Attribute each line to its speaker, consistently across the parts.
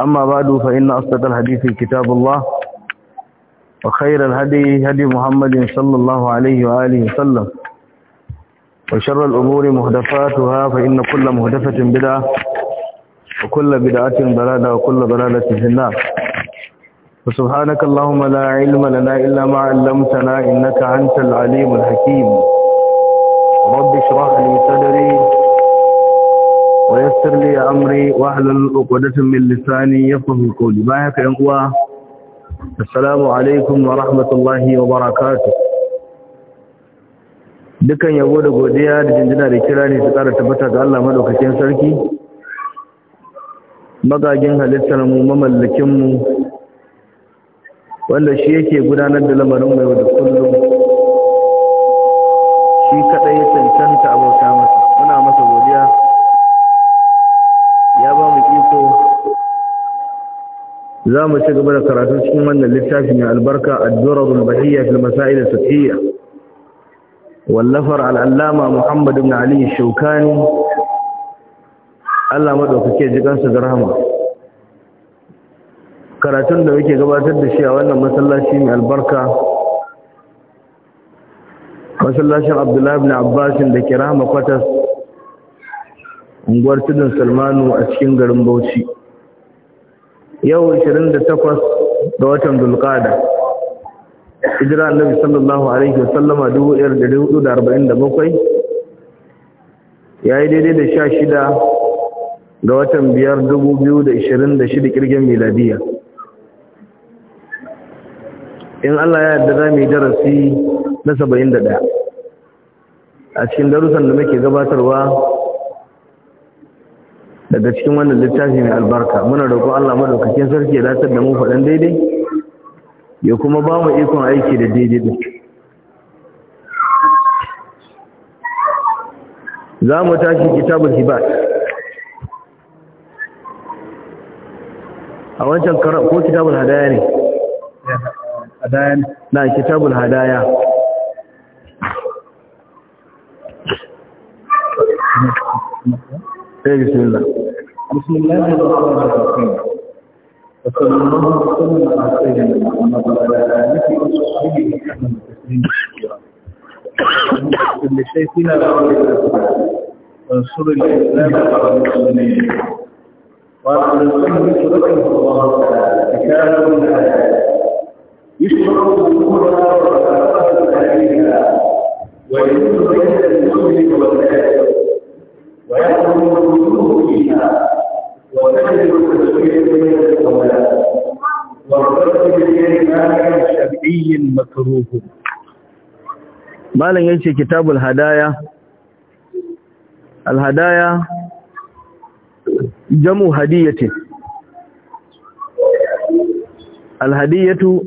Speaker 1: أما بعد فإن أصدق الحديث كتاب الله وخير الهدي هدي محمد صلى الله عليه وآله وسلم وشر الأمور مهدفاتها فإن كل مهدفة بدعة وكل بدعة ضلالة وكل ضلالة في النار وسبحانك اللهم لا علم لنا إلا ما علمتنا إنك أنت العليم الحكيم رب اشرح لي صدري ويسر لي أمري وأهل الأقودة من لساني يفقه قولي بايك يا أخوة السلام عليكم ورحمة الله وبركاته dukan yabo da godiya da jinjina da kira ne su ƙara tabbata ga Allah madaukakin sarki magagin halittar mu mamallakin mu wanda shi yake gudanar da lamarin mai da kullum shi kadai ya cancanta abota masa muna masa godiya ya ba mu iko za mu ci gaba da karatu cikin wannan littafi mai albarka ad al bahiyya fil masail as-sathiyya wallafar al-allama Muhammad ibn Ali Shawkani Allah madaukake sa da rahama karatun da yake gabatar da shi a wannan masallaci mai albarka masallacin Abdullahi ibn Abbas da kirama kwatas unguwar tudun salmanu a cikin garin bauchi yau 28 ga watan dulkada ijira annabi sallallahu alaihi wasallama 1447 yayi daidai da 16 ga watan 5 2026 kirgin miladiya in Allah ya yarda zamu yi darasi na 71 a cikin darussan da muke gabatarwa daga cikin wannan littafi mai albarka muna roƙon Allah madaukakin sarki ya datar da mu faɗan daidai ya kuma ba mu ikon aiki da daidai din za mu tashi kitabul hibat a wancan kara ko kitabul hadaya ne na kitabul hadaya Thank eh, you, بسم الله الرحمن
Speaker 2: الرحيم وصلى الله وسلم على سيدنا محمد وعلى اله وصحبه وسلم تسليما كثيرا كل شيخنا وانصر الاسلام على المسلمين وعلى المسلمين رحمه الله تعالى كتاب يشرح الامور وتعرفها عليها وينصر بين المسلم والكافر
Speaker 1: malam ya ce kitabul hadaya Al-Hadaya jamu Al-Hadiyatu,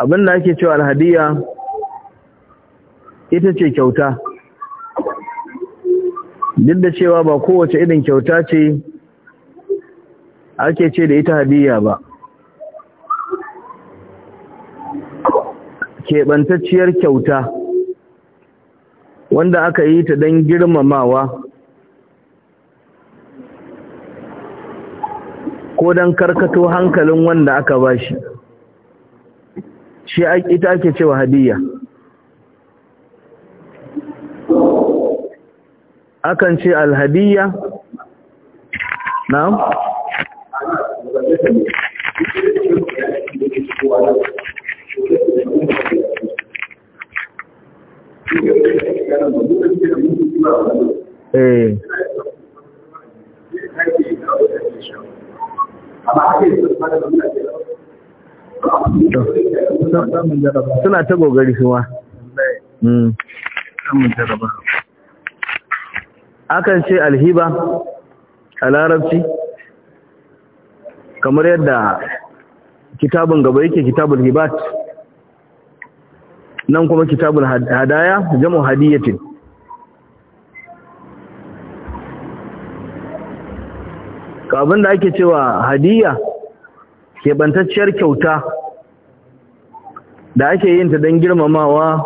Speaker 1: abin abinda ake cewa Al-Hadiya ita ce kyauta duk da cewa ba kowace irin kyauta ce ake ce da ita hadiya ba keɓantacciyar kyauta wanda aka yi ta don girmamawa ko don karkato hankalin wanda aka ba shi ita ake cewa hadiyya akan ce alhadiyya
Speaker 2: na'am Eh.
Speaker 1: suna ta gogari hmm. akan ce alhiba a larabci kamar yadda kitabun gaba yake kitabun hibat nan kuma kitabun hadaya jamu hadiyatin to abin da ake cewa hadiya keɓantacciyar kyauta da ake yin ta don girmamawa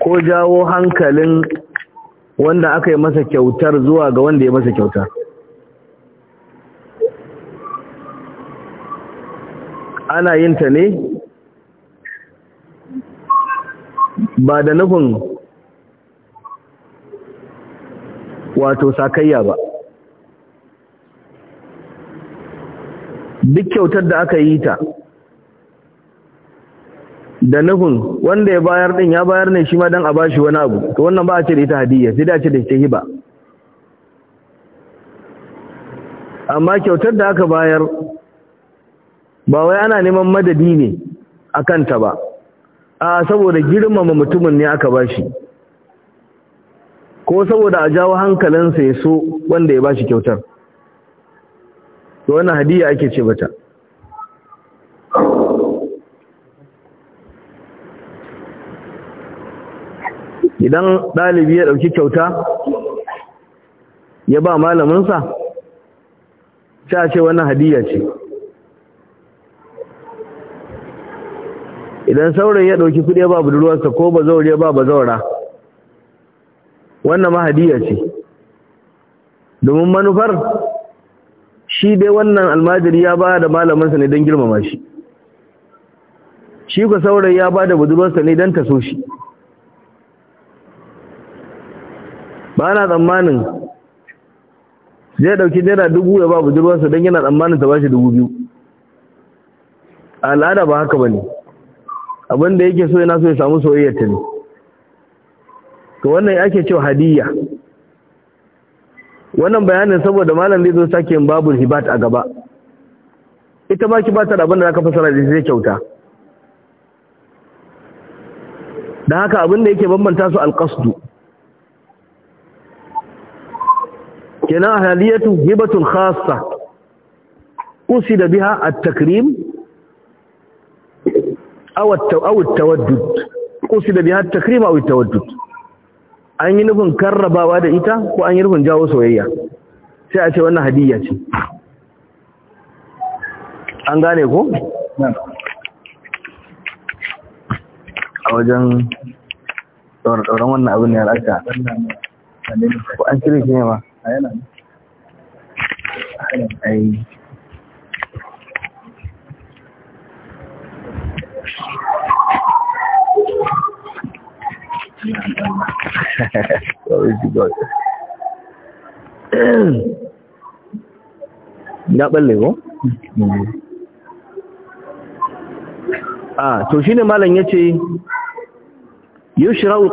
Speaker 1: ko jawo hankalin wanda aka yi masa kyautar zuwa ga wanda ya masa kyautar ana yin ta ne ba da nufin wato sakayya ba duk kyautar da aka yi ta da nufin wanda ya bayar din ya bayar ne shi ma dan a bashi wani abu to wannan ba a ce da ita hadiyya sai da ce da ita hiba amma kyautar da aka bayar ba wai ana neman madadi ne a kanta ba a saboda girmama mutumin ne aka bashi ko saboda a jawo hankalinsa ya so wanda ya bashi kyautar to wannan hadiya ake ce mata idan ɗalibi ya ɗauki kyauta ya ba malaminsa ta ce wannan hadiya ce idan saurayi ya ɗauki kuɗi ya ba budurwarsa ko ba zaure ya ba ba zaura wannan ma hadiya ce domin manufar shi dai wannan almajiri ya ba da malamansa ne don girmama shi shi ku saurayi ya ba da budurwarsa ne don taso shi ba na tsammanin zai ɗauki naira dubu ya ba budurwarsa don yana tsammanin ta ba shi dubu biyu al'ada ba haka ba ne abinda yake so yana so ya samu soyayyar ta ne to wannan ake cewa hadiyya wannan bayanin saboda malam zai zo sake yin babul hibat a gaba ita ba ki ba ta da abin da zaka fasara da zai kyauta da haka abin da yake bambanta su alqasdu kenan ahliyatu hibatun khassa usida biha at-takrim aw at-tawaddud usida biha at-takrim aw at-tawaddud an yi nufin karrabawa da ita ko an yi nufin jawo soyayya sai a ce wannan hadiyya ce an gane ko? a wajen tsoron wannan abin ya raka ko an cire shi ne ba? a yana ai ya balle ko?
Speaker 2: a ah, to shi ne malam ya ce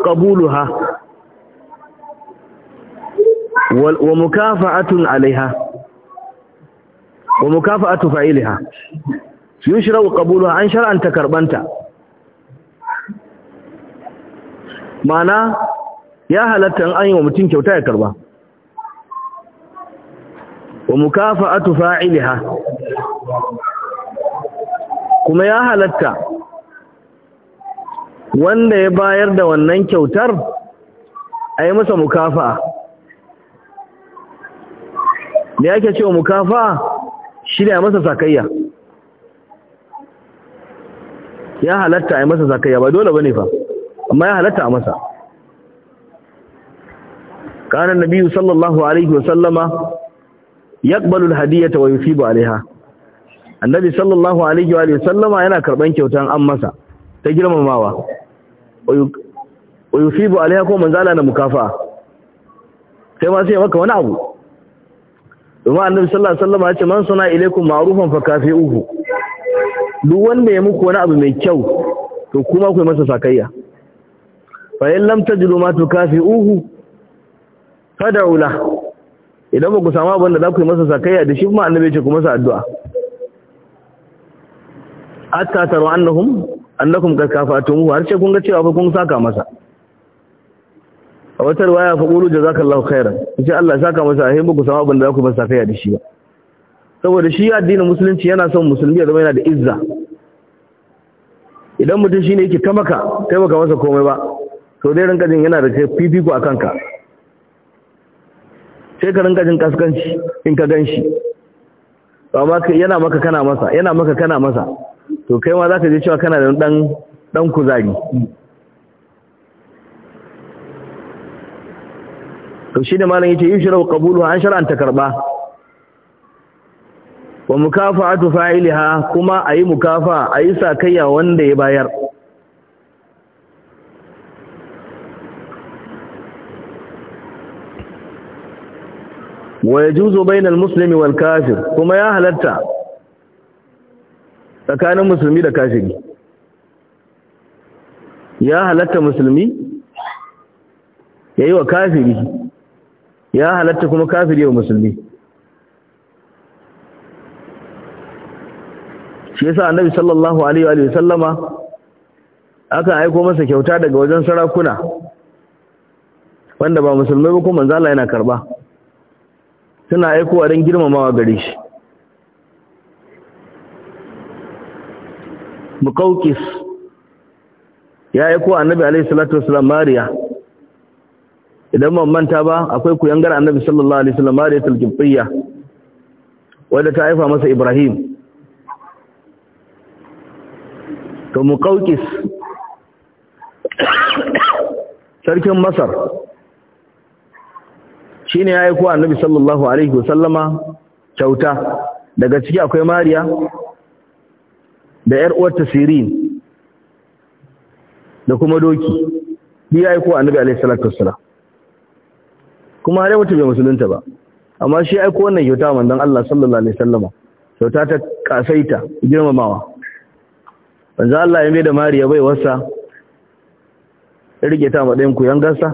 Speaker 1: ƙabulu ha? wa mukafa'atun alaiha wa mukafa'atu failiha ƙabulu ha? an shara'anta karɓanta mana ya halatta an yi wa mutum kyauta ya karba wa mukafa'atu fa'iliha kuma ya halatta wanda ya bayar da wannan kyautar a yi masa mukafa'a da yake cewa mukafa'a shi ne a masa sakayya ya halatta a yi masa sakayya ba dole ba ne fa amma ya halatta a masa kanan nabi sallallahu alaihi wa sallama yaqbalu alhadiyata wa yusibu alaiha annabi sallallahu alaihi wa sallama yana karban kyautan an masa ta girmamawa wa yusibu alaiha ko manzala na mukafa sai ma sai maka wani abu domin annabi sallallahu alaihi wasallama ya ce man suna ilaikum ma'rufan fakafi'uhu duk wanda ya muku wani abu mai kyau to kuma ku masa sakayya fa in lam tajidu ma tukafi'uhu fad'u la idan ba ku samu abin da za ku yi masa sakayya da shi kuma annabi ya ce ku masa addu'a hatta taru annahum annakum a kafatumu har ce kun ga cewa fa kun saka masa a wata waya fa qulu jazakallahu khairan ce Allah saka masa a himma ku samu abin da za ku masa sakayya da shi ba saboda shi addinin musulunci yana son musulmi ya zama yana da izza idan mutum shine yake kamaka, kai baka masa komai ba Sau dai rinkajin jin yana da ce fifiko a kanka sai ka rinka jin kaskanci in ka gan shi amma yana maka kana masa yana maka kana masa to kai ma za ka je cewa kana da dan dan kuzari to shi da malam yi shirau kabulu an an ta karba wa mukafa'atu fa'iliha kuma ayi mukafa ayi sakayya wanda ya bayar wa juzo bainal muslimi wal kafir kuma ya halatta tsakanin musulmi da kafiri ya halatta musulmi yayi wa kafiri ya halatta kuma kafiri wa musulmi shi ya yasa annabi sallallahu alaihi wa sallama aka aiko masa kyauta daga wajen sarakuna wanda ba musulmi ba kuma manzo yana karba suna a don girmamawa gare shi mukaukis ya aiko annabi alaihi salatu wasallam mariya idan ban manta ba akwai kuyangar annabi sallallahu alaihi wasallam mariya tulkibiyya wadda ta haifa masa ibrahim to mukaukis sarkin masar ne ya yi kuwa annabi sallallahu alaihi wasallama kyauta daga ciki akwai mariya da yar uwarta sirin da kuma doki bi ya yi kuwa annabi alaihi salatu wassalam kuma har mutum bai musulunta ba amma shi ya yi kuwa wannan kyauta wanda Allah sallallahu alaihi wasallama kyauta ta kasaita girmamawa wanzu Allah ya mai da mariya bai wasa rike ta matsayin koyon gasa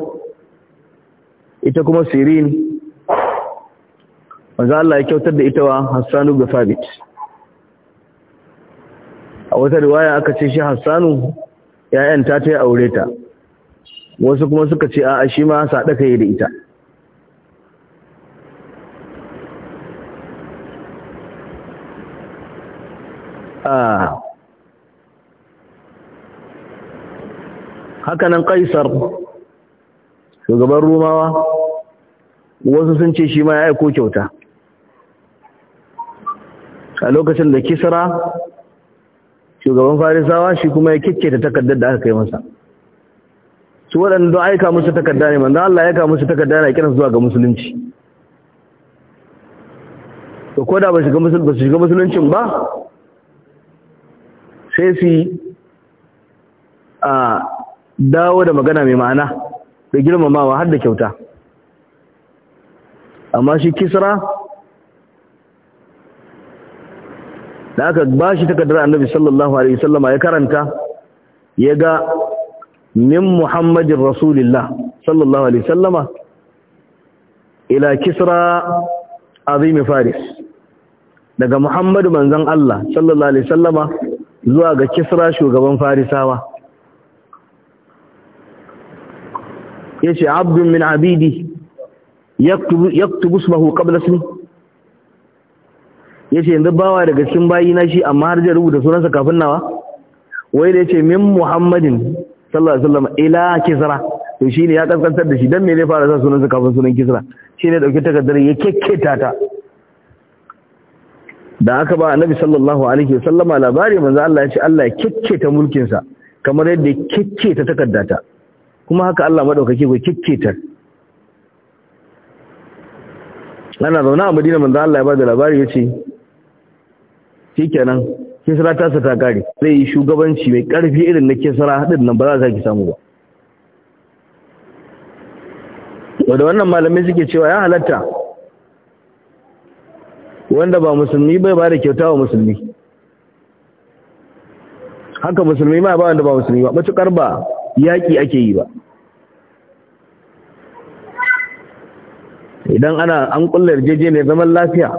Speaker 1: ita kuma sirin manzo Allah ya kyautar da ita wa Hassanu ga fabit a wata riwaya aka ce shi Hassanu ya'yan ta ta aure ta wasu kuma suka ce a'a shi ma sadaka yi da ita ah. Hakanan kaisar shugaban rumawa wasu sun ce shi ma ya aiko kyauta a lokacin da kisra shugaban farisawa shi kuma ya kicce ta takardar da aka kai masa su waɗanda don aika musu takardar ne manzan Allah ya aika musu takarda na kiransu zuwa ga musulunci ko da ba su shiga musuluncin ba sai su yi a dawo da magana mai ma'ana da girmamawa har da kyauta amma shi kisra da aka ba shi takardar annabi sallallahu alaihi wasallama ya karanta ya ga min muhammadin rasulillah sallallahu alaihi wasallama ila kisra azimi faris daga muhammadu manzon Allah sallallahu alaihi wasallama zuwa ga kisra shugaban farisawa yace abdun min abidi yaktubu yaktubu ismahu qabla ismi yace yanzu bawa daga cikin bayi na shi amma har zai rubuta sunansa kafin nawa wai da yace min muhammadin sallallahu alaihi wasallam ila kisra to shine ya kaskantar da shi dan me zai fara sa sunansa kafin sunan kisra shine dauke takardar ya kekketa ta da aka ba annabi sallallahu alaihi wasallama labari manzo Allah ya ce Allah ya kekketa mulkin sa kamar yadda kekketa takardata kuma haka Allah madaukake ko kikkita ana zaune a Madina manzo Allah ya bada labari yace shikenan kisra ta sa ta kare zai yi shugabanci mai karfi irin na kisra hadin nan ba za ka ki samu ba wadda wannan malamai suke cewa ya halatta wanda ba musulmi bai ba da kyauta wa musulmi haka musulmi ma ba wanda ba musulmi ba matukar ba yaƙi ake yi ba idan ana an yarjeje yarjejeniyar zaman lafiya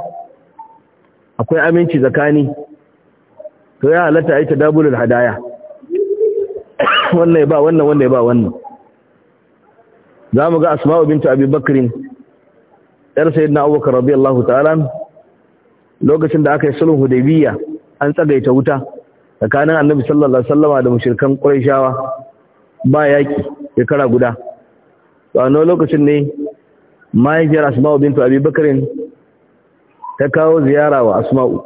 Speaker 1: akwai aminci tsakani to ya halatta a yi hadaya wannan ya ba wannan wannan ya ba wannan za mu ga asma'u bintu abi bakrin yar na abubakar radiyallahu ta'ala lokacin da aka yi sulhu hudaybiyya an tsagaita wuta tsakanin annabi sallallahu alaihi wasallama da mushrikan qurayshawa ba yaki shekara guda to a lokacin ne mahaifiyar asma'u bintu abi bakarin ta kawo ziyara wa asma'u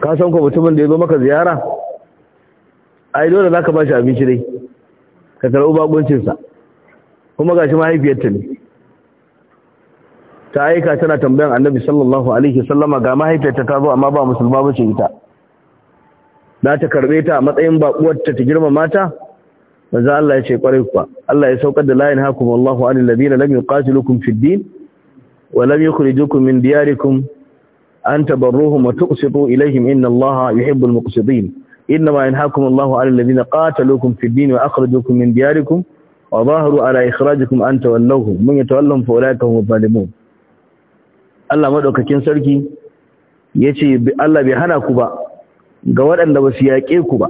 Speaker 1: ka san ko mutumin da ya zo maka ziyara ai dole za ka ba shi abinci dai ka karɓi bakuncinsa kuma gashi mahaifiyarta ne ta aika tana tambayan annabi sallallahu alaihi wasallama ga mahaifiyarta ta zo amma ba musulma bace ita za ta karbe ta a matsayin baƙuwarta ta girmama ta manzo Allah ya ce kwarai kuwa Allah ya saukar da layin hakum Allahu anil ladina lam yuqatilukum fid din wa lam yukhrijukum min diyarikum an tabarruhum wa tuqsitu ilayhim inna Allaha yuhibbul muqsitin inna ma yanhakum Allahu anil ladina qataluukum fid din wa akhrajukum min diyarikum wa zaharu ala ikhrajikum an tawallawhum man yatawallahum fa ulaika hum zalimun Allah madaukakin sarki yace Allah bai hana ku ba ga waɗanda ba su yaƙe ku ba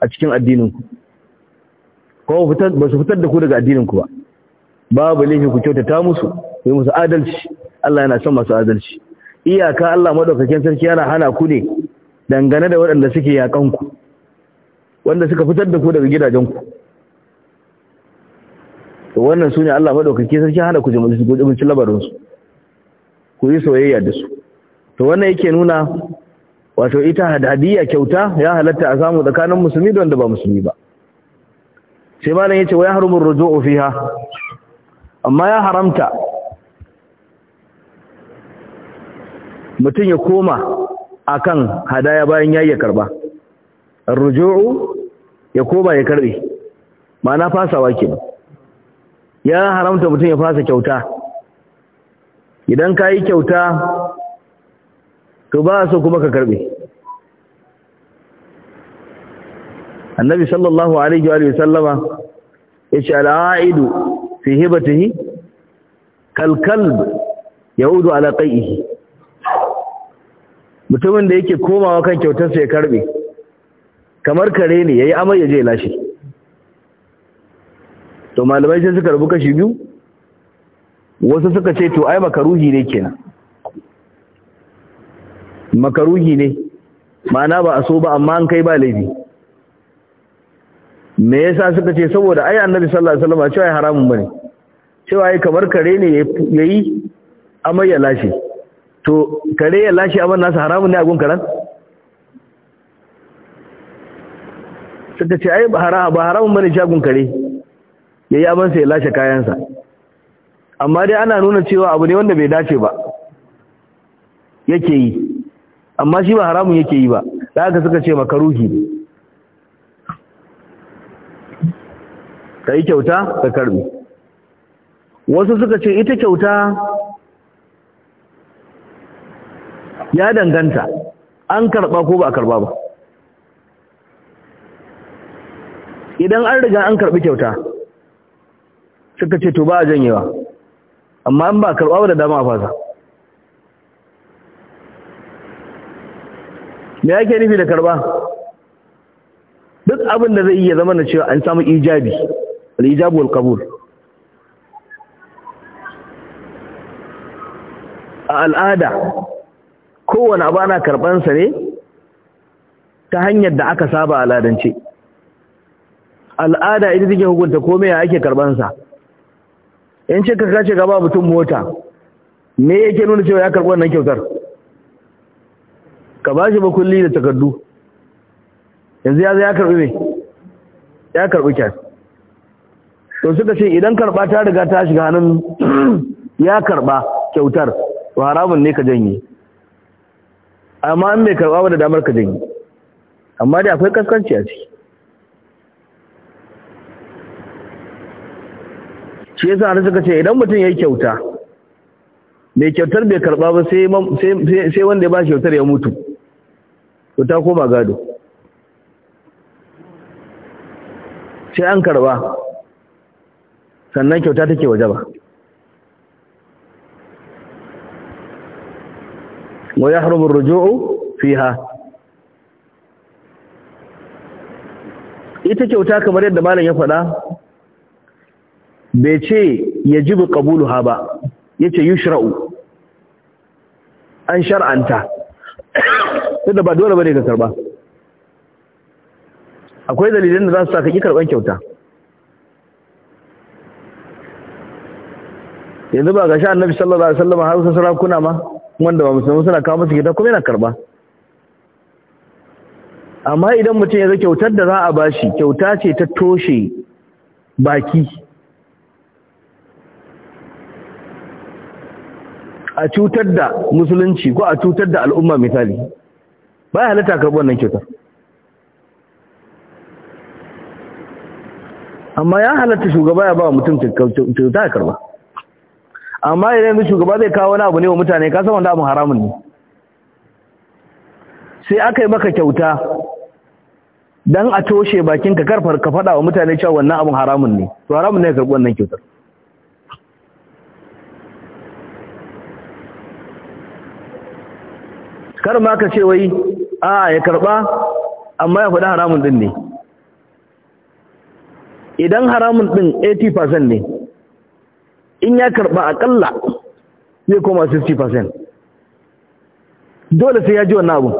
Speaker 1: a cikin addininku ko ba su fitar da ku daga addininku ba babu laifi ku kyautata musu ku yi musu adalci Allah yana son masu adalci iyaka Allah madaukakin sarki yana hana ku ne dangane da waɗanda suke yaƙan ku wanda suka fitar da ku daga gidajenku to wannan sune Allah madaukakin sarki hana ku jama'a su gudubin labarin su ku yi soyayya da su to wannan yake nuna wato ita hadadiyya kyauta ya halatta a samu tsakanin musulmi da wanda ba musulmi ba sai malam yace wa yahrumu ar-ruju'u fiha amma ya haramta mutum ya koma akan hadaya bayan yayi ya karba ar-ruju'u ya koma ya karbe ma'ana fasawa kenan ya haramta mutum ya fasa kyauta idan yi kyauta to ba so kuma ka karbe annabi sallallahu alaihi wa sallama yace al'aidu fi hibatihi kal yaudu ala qaihi mutumin da yake komawa kan kyautarsa ya karbe kamar kare ne yayi amai ya je lashe to malamai sai suka rubu kashi biyu wasu suka ce to ai makaruhi ne kenan makaruhi ne ma'ana ba a so ba amma an kai ba laifi me yasa suka ce saboda ai annabi sallallahu alaihi wasallam cewa haramun bane cewa ai kamar kare ne yayi amai ya lashe to kare ya lashe amma nasa haramun ne a gun karan suka ce ai ba haramun bane gun kare yayi amma sai ya lashe kayansa amma dai ana nuna cewa abu ne wanda bai dace ba yake yi amma shi ba haramun yake yi ba da aka suka ce makaruhi ne ka yi kyauta ka karbi wasu suka ce ita kyauta ya danganta an karba ko ba a karba ba idan an riga an karbi kyauta suka ce to ba a janyewa amma an ba karba ba da dama a fasa me yake nufi da karba duk abin da zai iya zama na cewa an samu ijabi al-ijabu wal qabul a al'ada kowane abu ana sa ne ta hanyar da aka saba al'adance al'ada ita take hukunta komai ya ake sa in ce ka kace ba mutum mota me yake nuna cewa ya karɓi wannan kyautar ka ba shi makulli da takardu yanzu ya ya karbi mai ya karbi kyan to suka ce idan karba ta riga ta shiga hannun ya karba kyautar to haramun ne ka janye amma an mai karba da damar ka janye amma da akwai kaskanci a ciki shi yasa hannun suka ce idan mutum ya yi kyauta mai kyautar bai karba ba sai wanda ya ba shi kyautar ya mutu to ta koma gado sai an karba sannan kyauta take waje ba wa yahrumu ar-ruju'u fiha ita kyauta kamar yadda malam ya faɗa bai ce yajibu qabuluha ba yace yushra'u an shar'anta sai da ba dole bane ka karba akwai dalilin da za su saka ki karban kyauta yanzu ba ga sha annabi sallallahu alaihi wasallam har sara sarakuna ma wanda ba musulmi suna kawo musu gida kuma yana karba amma idan mutum ya zo kyautar da za a bashi kyauta ce ta toshe baki a cutar da musulunci ko a cutar da al'umma misali ba ya halitta karɓi wannan kyauta amma ya halatta shugaba ya ba mutum kyauta ya karɓa amma idan yanzu shugaba zai kawo wani abu ne wa mutane ka san wanda abu haramun ne sai aka yi maka kyauta don a toshe bakinka karfar ka faɗa wa mutane cewa wannan abun haramun ne to haramun ne ya karɓi wannan kyautar kar ma ka ce wai a ya karba amma ya faɗi haramun ɗin ne idan haramun ɗin 80% ne in ya karba aƙalla zai koma 60% dole sai ya ji wannan abu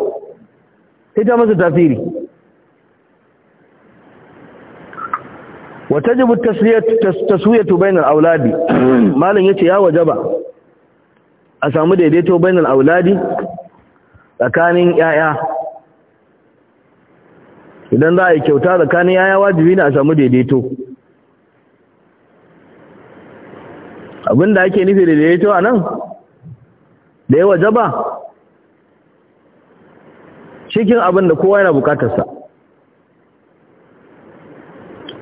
Speaker 1: sai ta masa tasiri wata jibu taswiyatu bainal auladi malam ce ya wajaba a samu daidaito bainal auladi tsakanin 'ya'ya idan za a yi kyauta tsakanin yaya wajibi ne a samu daidaito Abin da ake nufi daidaito a nan da ya waje ba cikin abin da kowa yana bukatarsa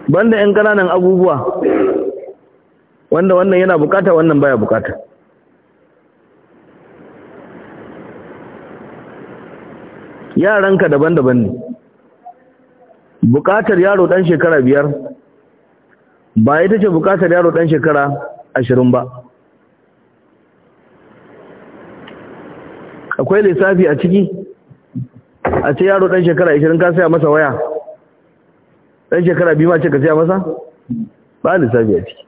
Speaker 1: banda 'yan ƙananan abubuwa wanda wannan yana bukata wannan baya bukata yaranka daban-daban ne bukatar yaro dan shekara biyar ba ita ce bukatar yaro dan shekara ashirin ba akwai lissafi a ciki a ce yaro dan shekara ashirin ka saya masa waya dan shekara biyu ma ce ka saya masa ba lissafi a ciki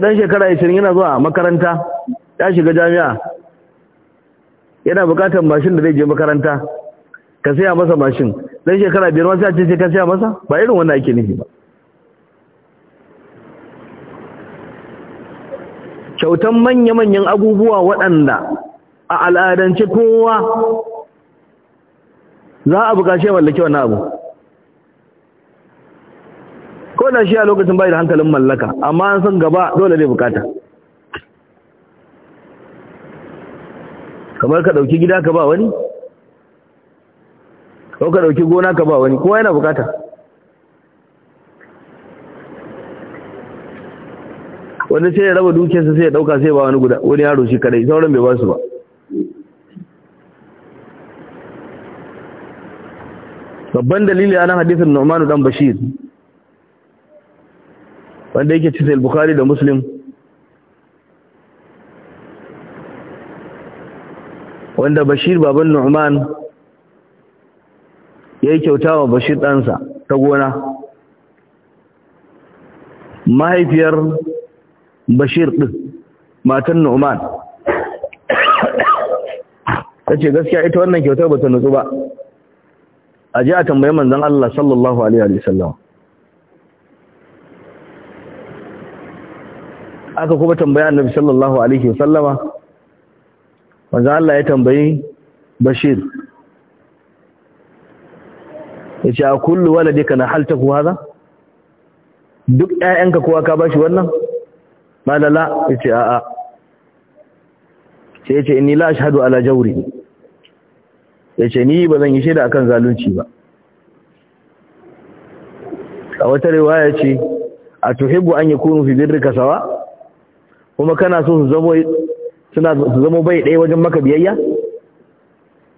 Speaker 1: dan shekara ashirin yana zuwa makaranta ya shiga jami'a yana bukatar mashin da zai je makaranta ka saya masa mashin dan shekara biyar wasu yace sai ka saya masa ba irin wannan ake nufi ba kyautan manya-manyan abubuwa waɗanda a al'adance kowa za a bukace mallake wannan abu ko da shi a lokacin bayan da hankalin mallaka amma an san gaba dole ne bukata kamar ka ɗauki gida ka ba wani ko ka dauki gona ka ba wani kowa yana bukata wanda sai ya raba dukiyarsa sai ya dauka sai ba wani guda wani yaro shi kadai sauran bai ba su ba babban dalili anan hadisin Nu'man dan Bashir wanda yake cikin al-Bukhari da Muslim wanda Bashir baban Nu'man ya yi kyauta wa bashir ɗansa ta gona mahaifiyar bashir ɗin matan nu'man ta ce gaskiya ita wannan kyautar ba ta nutsu ba a ji a tambayi manzan Allah sallallahu Alaihi wasallam aka kuma tambaya annabi sallallahu Alaihi wasallama manzan Allah ya tambayi bashir ya ce a kullu waladika na halta ku haza duk ƴaƴanka kowa ka bashi wannan malala ya ce a'a ce ya ce ni la ashhadu ala jawri ya ce ni ba zan yi shaida akan zalunci ba a wata riwaya ce a tuhibu an kunu fi birrika sawa kuma kana so su zamo su zamo bai ɗaya wajen maka biyayya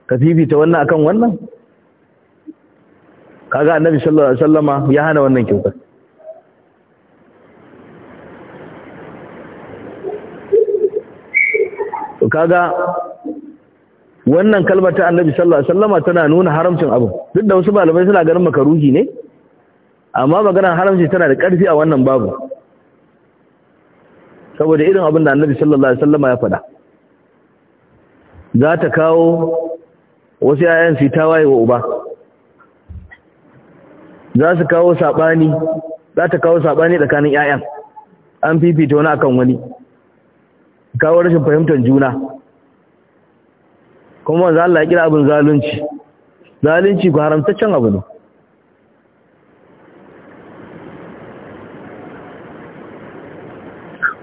Speaker 1: ka fifita wannan akan wannan kaga annabi sallallahu alaihi wasallama ya hana wannan kyautar to kaga wannan kalmar ta annabi sallallahu alaihi wasallama tana nuna haramcin abu duk da wasu malamai suna ganin makaruhi ne amma maganar haramci tana da ƙarfi a wannan babu saboda irin abin da annabi sallallahu alaihi wasallama ya faɗa za ta kawo wasu 'ya'yan su tawaye wa uba za su kawo saɓani za ta kawo saɓani tsakanin 'ya'yan an fifita wani akan wani kawo rashin fahimtar juna kuma za Allah ya kira abin zalunci zalunci ku haramtaccen abu ne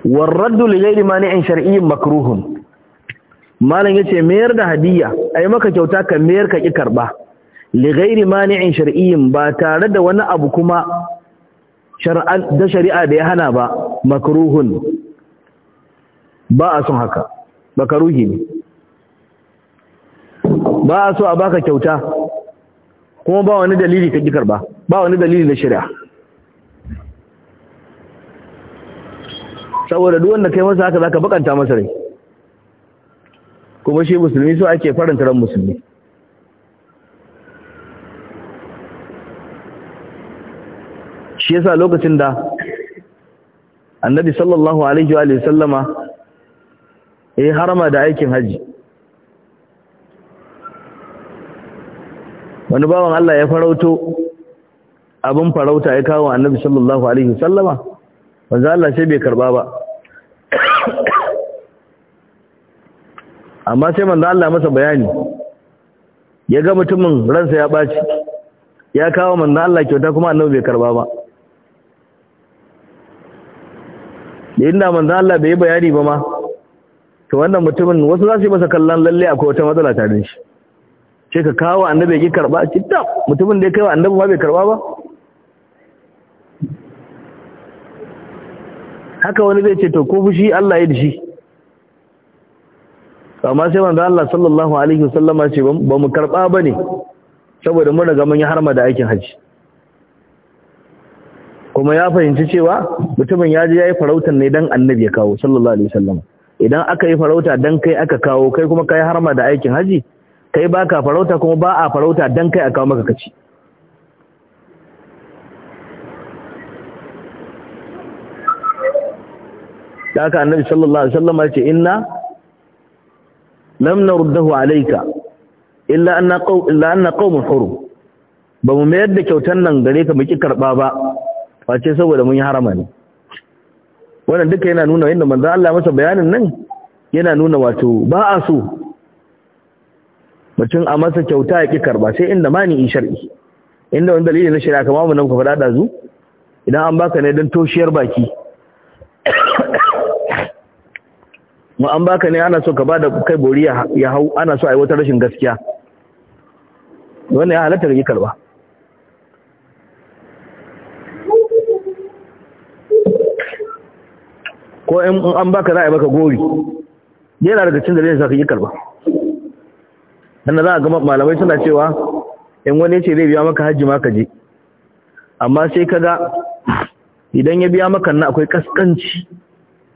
Speaker 1: warraddu li ghairi mani'in shar'iyyin makruhun malam yace mayar da A ai maka kyauta ka mayar ka ki karba li ghairi mani'in shar'iyyin ba tare da wani abu kuma shar'an da shari'a da ya hana ba makruhun ba a son haka makaruhi ne ba a so a baka kyauta kuma ba wani dalili ka kikar ba ba wani dalili da shari'a saboda duk wanda kai masa haka zaka bakanta masa rai kuma shi musulmi so ake faranta ran musulmi shi yasa lokacin da annabi sallallahu alaihi wa sallama ya harama da aikin haji wani bawan Allah ya farauto abin farauta ya kawo annabi sallallahu alaihi wa sallama wanda Allah sai bai karba ba amma sai manzo Allah masa bayani ya ga mutumin ransa ya baci ya kawo manzo Allah kyauta kuma annabi bai karba ba da inda manzan Allah bai bayani ba ma to wannan mutumin wasu za su yi masa kallon lalle akwai wata matsala tare shi sai ka kawo annabi ki karba kitta mutumin da ya kaiwa annabi ma bai karba ba haka wani zai ce to ko fushi Allah ya dishi amma sai manzo Allah sallallahu alaihi wasallama ce ba mu karba bane saboda mun daga mun yi harma da aikin haji kuma ya fahimci cewa mutumin ya je ya yi farautar ne don annabi ya kawo sallallahu alaihi wasallam idan aka yi farauta dan kai aka kawo kai kuma kai harma da aikin haji kai baka farauta kuma ba a farauta dan kai a kawo maka kaci da aka annabi sallallahu alaihi wasallam ya ce inna lam naruddahu alayka illa anna na illa anna qawmun hurum ba mu mayar da kyautar nan gare ka muki karba ba face saboda mun yi harama ne wannan duka yana nuna yadda manzo Allah masa bayanin nan yana nuna wato ba a so mutum a masa kyauta ya ki karba sai inda mani shar'i inda wani dalili na shari'a kamar mun ka faɗa zu idan an baka ne dan toshiyar baki mu an baka ne ana so ka bada kai bori ya hau ana so a yi wata rashin gaskiya wannan ya halatta ga karba ko in an baka za a yi maka gori yana daga cin da zai sa ka yi karba za a ga malamai suna cewa in wani ce zai biya maka hajji ma ka je amma sai kaga idan ya biya maka na akwai kaskanci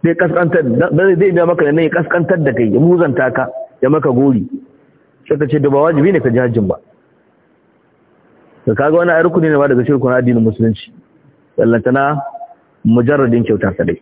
Speaker 1: zai kaskantar zai biya maka nan ya kaskantar da kai ya muzanta ka ya maka gori sai ka ce da ba wajibi ne ka ji hajjin ba da kaga wani ayar rukuni ne ba daga shirkun addinin musulunci wallantana mujarradin kyauta dai.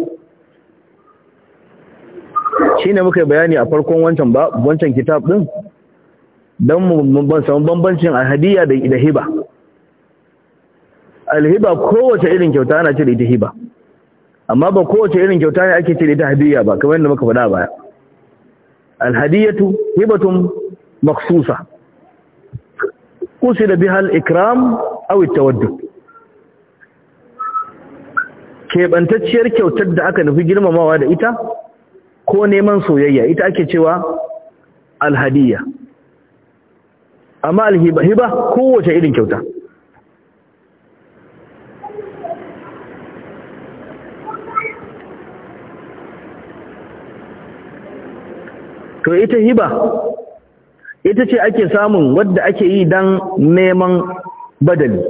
Speaker 1: Shi ne muka bayani a farkon wancan ba wancan kitab din dan mu ban samu bambancin alhadiya da idahiba hiba alhiba kowace irin kyauta ana cire ita hiba amma ba kowace irin kyauta ne ake cire ita hadiya ba kamar yadda muka faɗa baya alhadiyatu hibatun maksusa kusida da bihal ikram aw tawaddu tawaddud keɓantacciyar kyautar da aka nufi girmamawa da ita ko neman soyayya ita ake cewa alhadiya amma alhiba hiba kowace irin kyauta to ita hiba ita ce ake samun wadda ake yi don neman badali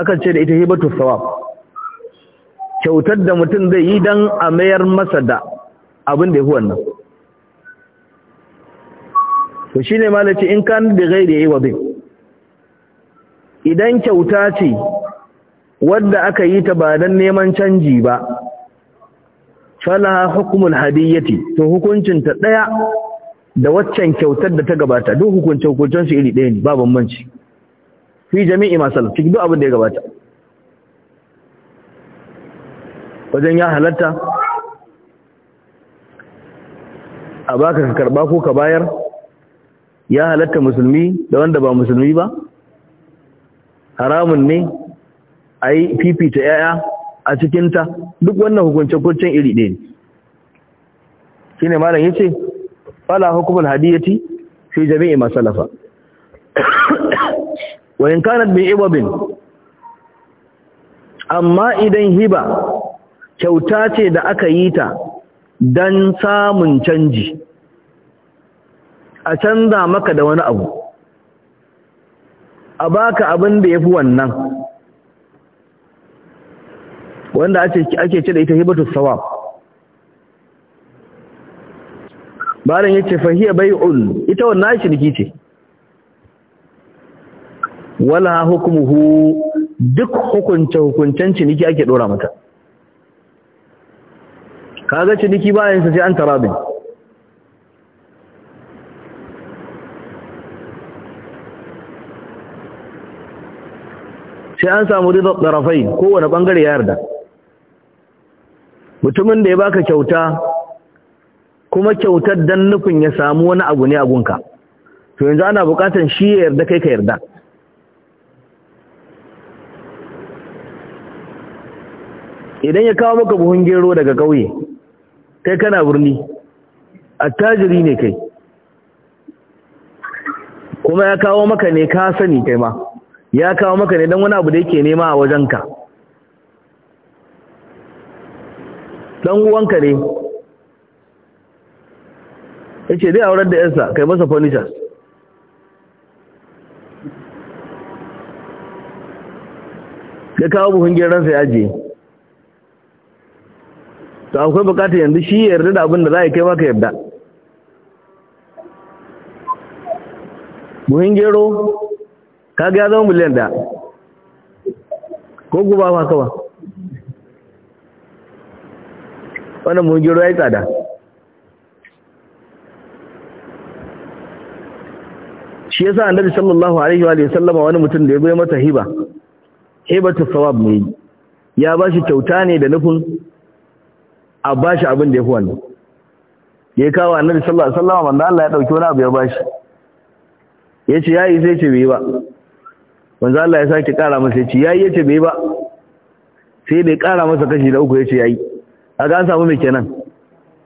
Speaker 1: akan ce da ita hibatu sawab kyautar da mutum zai yi don a mayar masa da abin da ya fi wannan to shi ne malaci in kan da zai da ya yi wa bin idan kyauta ce wadda aka yi ta ba don neman canji ba falaha hukumul hadiyyati to hukuncinta ɗaya da waccan kyautar da ta gabata duk hukuncin hukuncin su iri ɗaya ne ba manci fi jami'i masu cikin duk abin da ya gabata wajen ya halatta a baka ka karba ko ka bayar ya halatta musulmi da wanda ba musulmi ba haramun ne a yi fifita yaya a cikinta duk wannan hukuncin kuncin iri ɗaya ne shi ne malam ya ce fala hukumar hadiyyati fi jami'i lafa wa in kanat min ibobin amma idan hiba kyauta ce da aka yi ta don samun canji a canza maka da wani abu a baka abin da ya fi wannan wanda ake ce da ita hibatu sawa barin ya ce bai ul. ita wannan niki ce wala hukumuhu duk hukunce hukuncen ciniki ake dora mata kaga ciniki bayan sa sai an tarabin sai an samu rizal ɗarafai kowane ɓangare ya yarda mutumin da ya baka kyauta kuma kyautar don nufin ya samu wani abu ne a gunka to yanzu ana buƙatar shi ya yarda kai ka yarda idan ya kawo maka buhun gero daga ƙauye kai kana birni attajiri ne kai kuma ya kawo maka ne ka sani kai ma ya kawo maka ne don wani abu da yake nema a wajenka don uwanka ne ya ce zai aurar da yansa kai masa furnitures ya kawo buhun geransa ya ajiye to akwai bukatar yanzu shi yarda da abin da za a yi kai maka yarda buhin gero ka ya zama miliyan da ko guba ba ba wannan buhin gero ya yi tsada shi yasa annabi sallallahu alaihi wa sallama wani mutum da ya goyi mata hiba hibatu sawab ne ya ba shi kyauta ne da nufin a bashi abin da ya fi wannan ya kawo annabi sallallahu alaihi wasallam Allah ya dauki wani abu ya bashi ya yi sai ce bai ba manzo Allah ya sake kara masa ya ya ce yi ya ce bai ba sai da ya kara masa kashi da uku ya ce yi a ga an samu mai kenan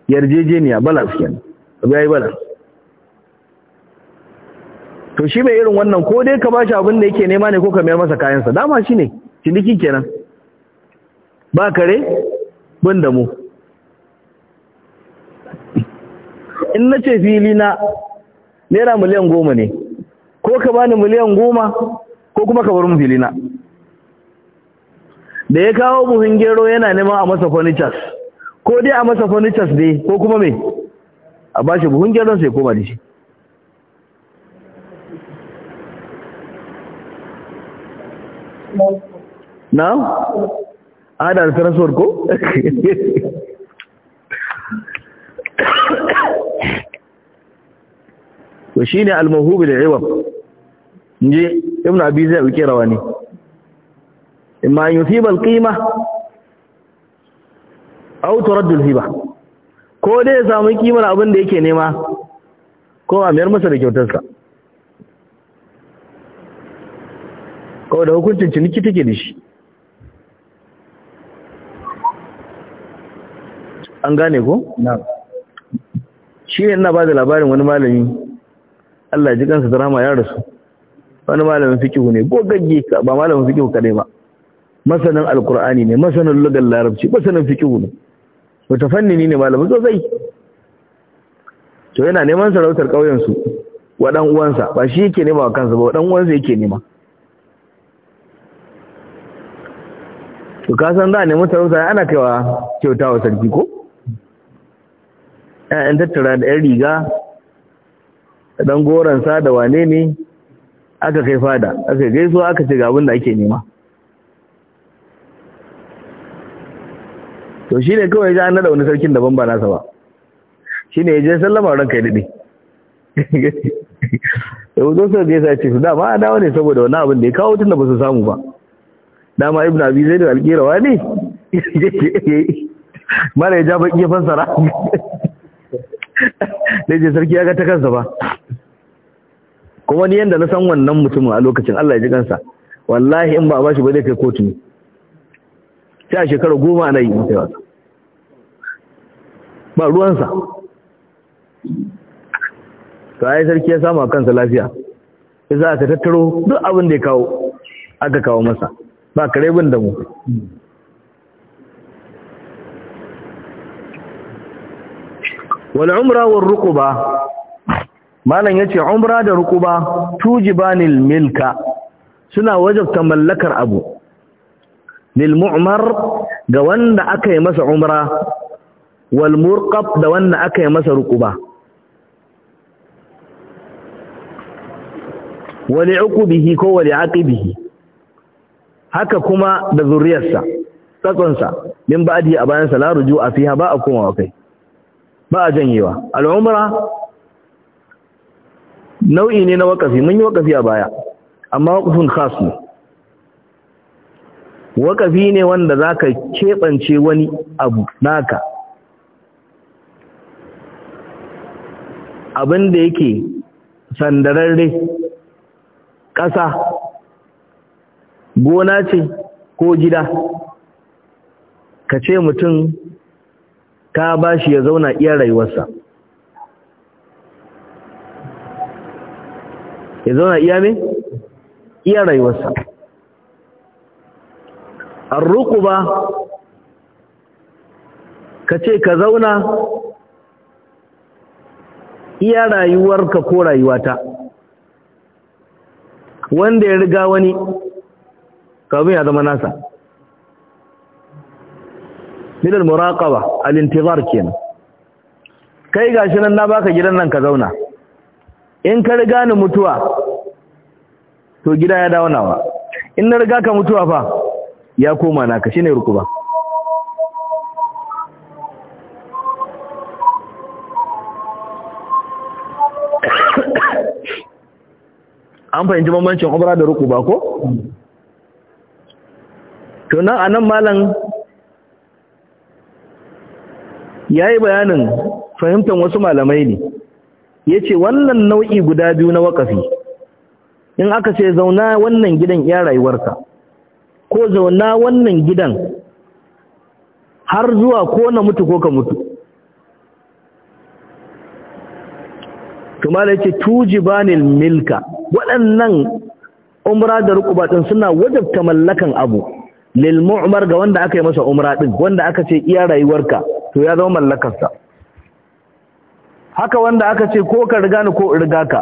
Speaker 1: yarjejeniya bala su kenan abu yi bala. to shi mai irin wannan ko dai ka bashi abin da yake nema ne ko ka mayar masa kayansa dama shi ne ciniki kenan ba kare bin da mu in na ce fili na naira miliyan goma ne ko ka bani miliyan goma ko kuma ka bar fili na da ya kawo buhun gero yana neman a masa furnitures ko dai a masa furnitures dai ko kuma me a bashi buhun gero sai koma da shi na? adar transfer ko? to shine al-mawhub bil iwab inji ibn abi zai uke rawani imma yusiba al-qima aw turad al ba ko dai ya samu kimar abin da yake nema ko a miyar masa da kyautarsa ko da hukuncin ciniki take da shi an gane ko? na shi ne ina ba da labarin wani malami Allah ji kansa da rama ya rasu wani malamin fikihu ne gogagge ba malamin fikihu kadai ba masanin alkur'ani ne masanin lugar larabci masanin fikihu ne wata fannini ne malamin sosai to yana neman sarautar ƙauyensu wa ɗan uwansa ba shi yake nema wa kansa ba wa ɗan uwansa yake nema to ka san da ne nemi sarauta ana kaiwa kyautawa sarki ko ƴan tattara da riga dan goran sa da wane ne aka kai fada aka gaisuwa aka ce ga da ake nema to shi ne kawai ya an nada wani sarkin daban ba nasa ba shi ne ya je sallama ran kai daɗe da wato sai ya sa ce su dama a dawo ne saboda wani abin da ya kawo tun da ba su samu ba dama ibnu abi zai da wa ne mara ya ja baki sara da je sarki ya ga ta kansa ba kuma ni yanda na san wannan mutumin a lokacin Allah ya ji kansa wallahi in ba a bashi ba zai kai kotu ne sai a shekara goma ana yi sai wasa ba ruwansa to ai sarki ya samu a kansa lafiya sai za ka tattaro duk abin da ya kawo aka kawo masa ba karebin da mu wal umra war rukuba malam yace umra da rukuba tujibanil milka suna wajabta mallakar abu lil mu'mar ga wanda aka yi masa umra wal murqab da wanda aka yi masa rukuba wali uqubihi ko wali aqibihi haka kuma da zuriyarsa tsatsonsa min ba'di a bayan sa la rujua fiha ba a komawa kai ba a janyewa al'umra nau'i ne na wakafi mun yi wakafi a baya amma wakafin khas ne wakafi ne wanda za ka keɓance wani abu naka abin da yake sandararre ƙasa gona ce ko gida ka ce mutum ka ba shi ya zauna iya rayuwarsa ya zauna iya ne? iya rayuwarsa arruquba kace ka zauna iya rayuwarka ko rayuwata wanda ya riga wani kawai ya zama nasa al muraqaba al-intizar kenan kai gashi nan na baka gidan nan ka zauna in ka riga ni mutuwa to gida ya dawo nawa in na riga ka mutuwa fa ya koma naka shine rukuba an fahimci bambancin umra da rukuba ko to nan anan malam ya yi bayanin fahimtar wasu malamai ne ya ce wannan nau'i guda biyu na wakafi in aka ce zauna wannan gidan ya rayuwarka ko zauna wannan gidan har zuwa ko na mutu ko ka mutu kuma da tuji banil milka waɗannan umra da rukuba ɗin suna wajabta mallakan abu lil ga wanda aka yi masa umra ɗin wanda aka ce iya rayuwarka to ya zama mallakarsa haka wanda aka ce ko ka riga ni ko in riga ka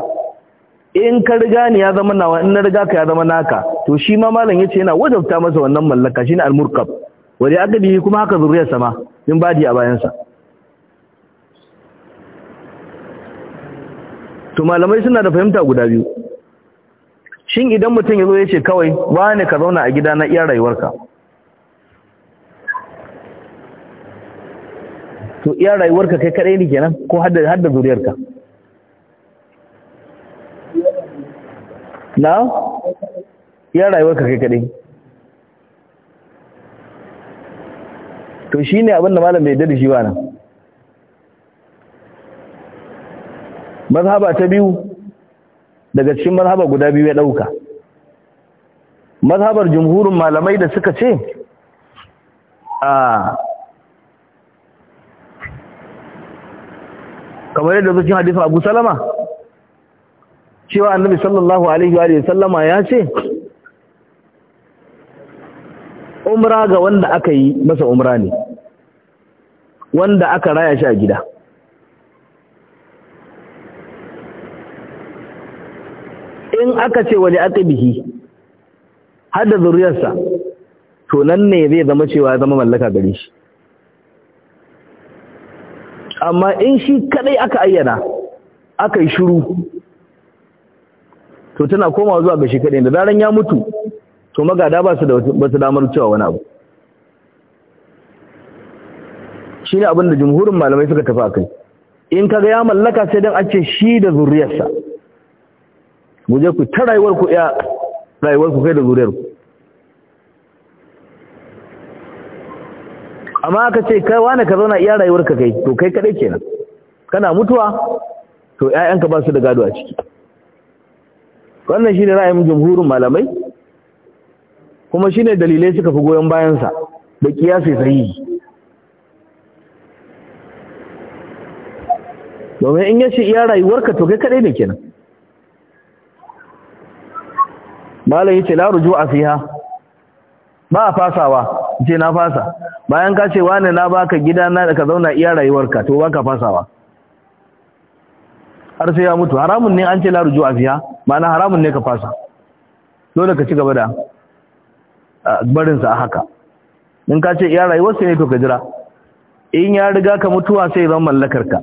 Speaker 1: in ka riga ni ya zama nawa in na riga ka ya zama naka to shi ma malam yace yana wajabta masa wannan mallaka shine al-murkab wani agadi kuma haka zuriyar sama in badi a bayan sa to malamai suna da fahimta guda biyu shin idan mutum ya yace kawai wani ka zauna a gida na iya rayuwarka to iya rayuwarka kai kadai ne kenan ko har da zuriyarka na iya rayuwarka kai kadai. to shi ne da malam bai da shi ba nan mazhaba ta biyu daga cikin mazhaba guda biyu ya ɗauka mazhabar jumhurin malamai da suka ce a kamar yadda cikin hadisun Abu Salama cewa Annabi sallallahu alaihi wa sallama ya ce umra ga wanda aka yi masa umra ne wanda aka raya shi a gida in aka ce wani aka biki hada zuriyarsa to nan ne zai zama cewa zama mallaka gare shi amma in shi kadai aka ayyana aka yi shiru to tana komawa zuwa ga shi kadai da zaran ya mutu to magada ba su da damar cewa wani abu shine abin da jimhurin malamai suka tafi kai, in kaga ya mallaka sai don ake shi da zuriyarsa mu je ku ta rayuwar ya rayuwar kai da zuriyar amma aka ce kai wani ka zauna iya rayuwarka kai to kai kadai kenan kana mutuwa to ‘ya'yanka ba su da gado a ciki wannan shine ra'ayin jumhurin malamai kuma shine dalilai suka fi goyon bayansa da kiyasi sahihi domin in yace iya rayuwarka to kai kadai ne kenan malam yace la rujua fiha ba fasawa ce na fasa bayan ka ce wane na baka gida na da ka zauna iya rayuwarka to baka fasawa har sai ya mutu haramun ne an ce la rujua fiya ma'ana haramun ne ka fasa dole ka ci gaba da barin sa haka in ka ce iya rayuwar sai ne to ka jira in ya riga ka mutuwa sai zan mallakar ka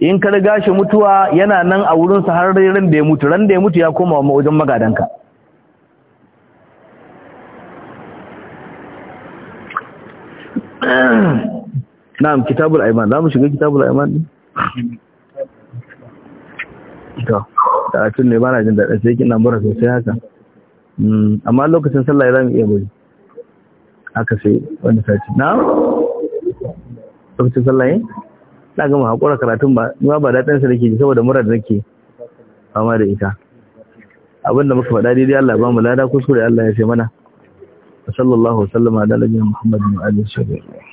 Speaker 1: in ka riga shi mutuwa yana nan a wurin sa har ran da ya mutu ran da ya mutu ya koma wajen magadanka na'am kitabul aiman za mu shiga kitabul aiman
Speaker 2: ne
Speaker 1: to da tun ne bana jin daɗa sai kin kina mura sosai haka mm, amma lokacin sallah za mu iya bari haka sai wani sati na'am lokacin sallah ne na gama haƙura karatun ba ba ba daɗin sa nake ji saboda mura da nake fama da ita abinda muka faɗa daidai Allah ba mu lada kuskure Allah ya ce mana sallallahu wasallama ala nabiyina muhammadin wa alihi wa sahbihi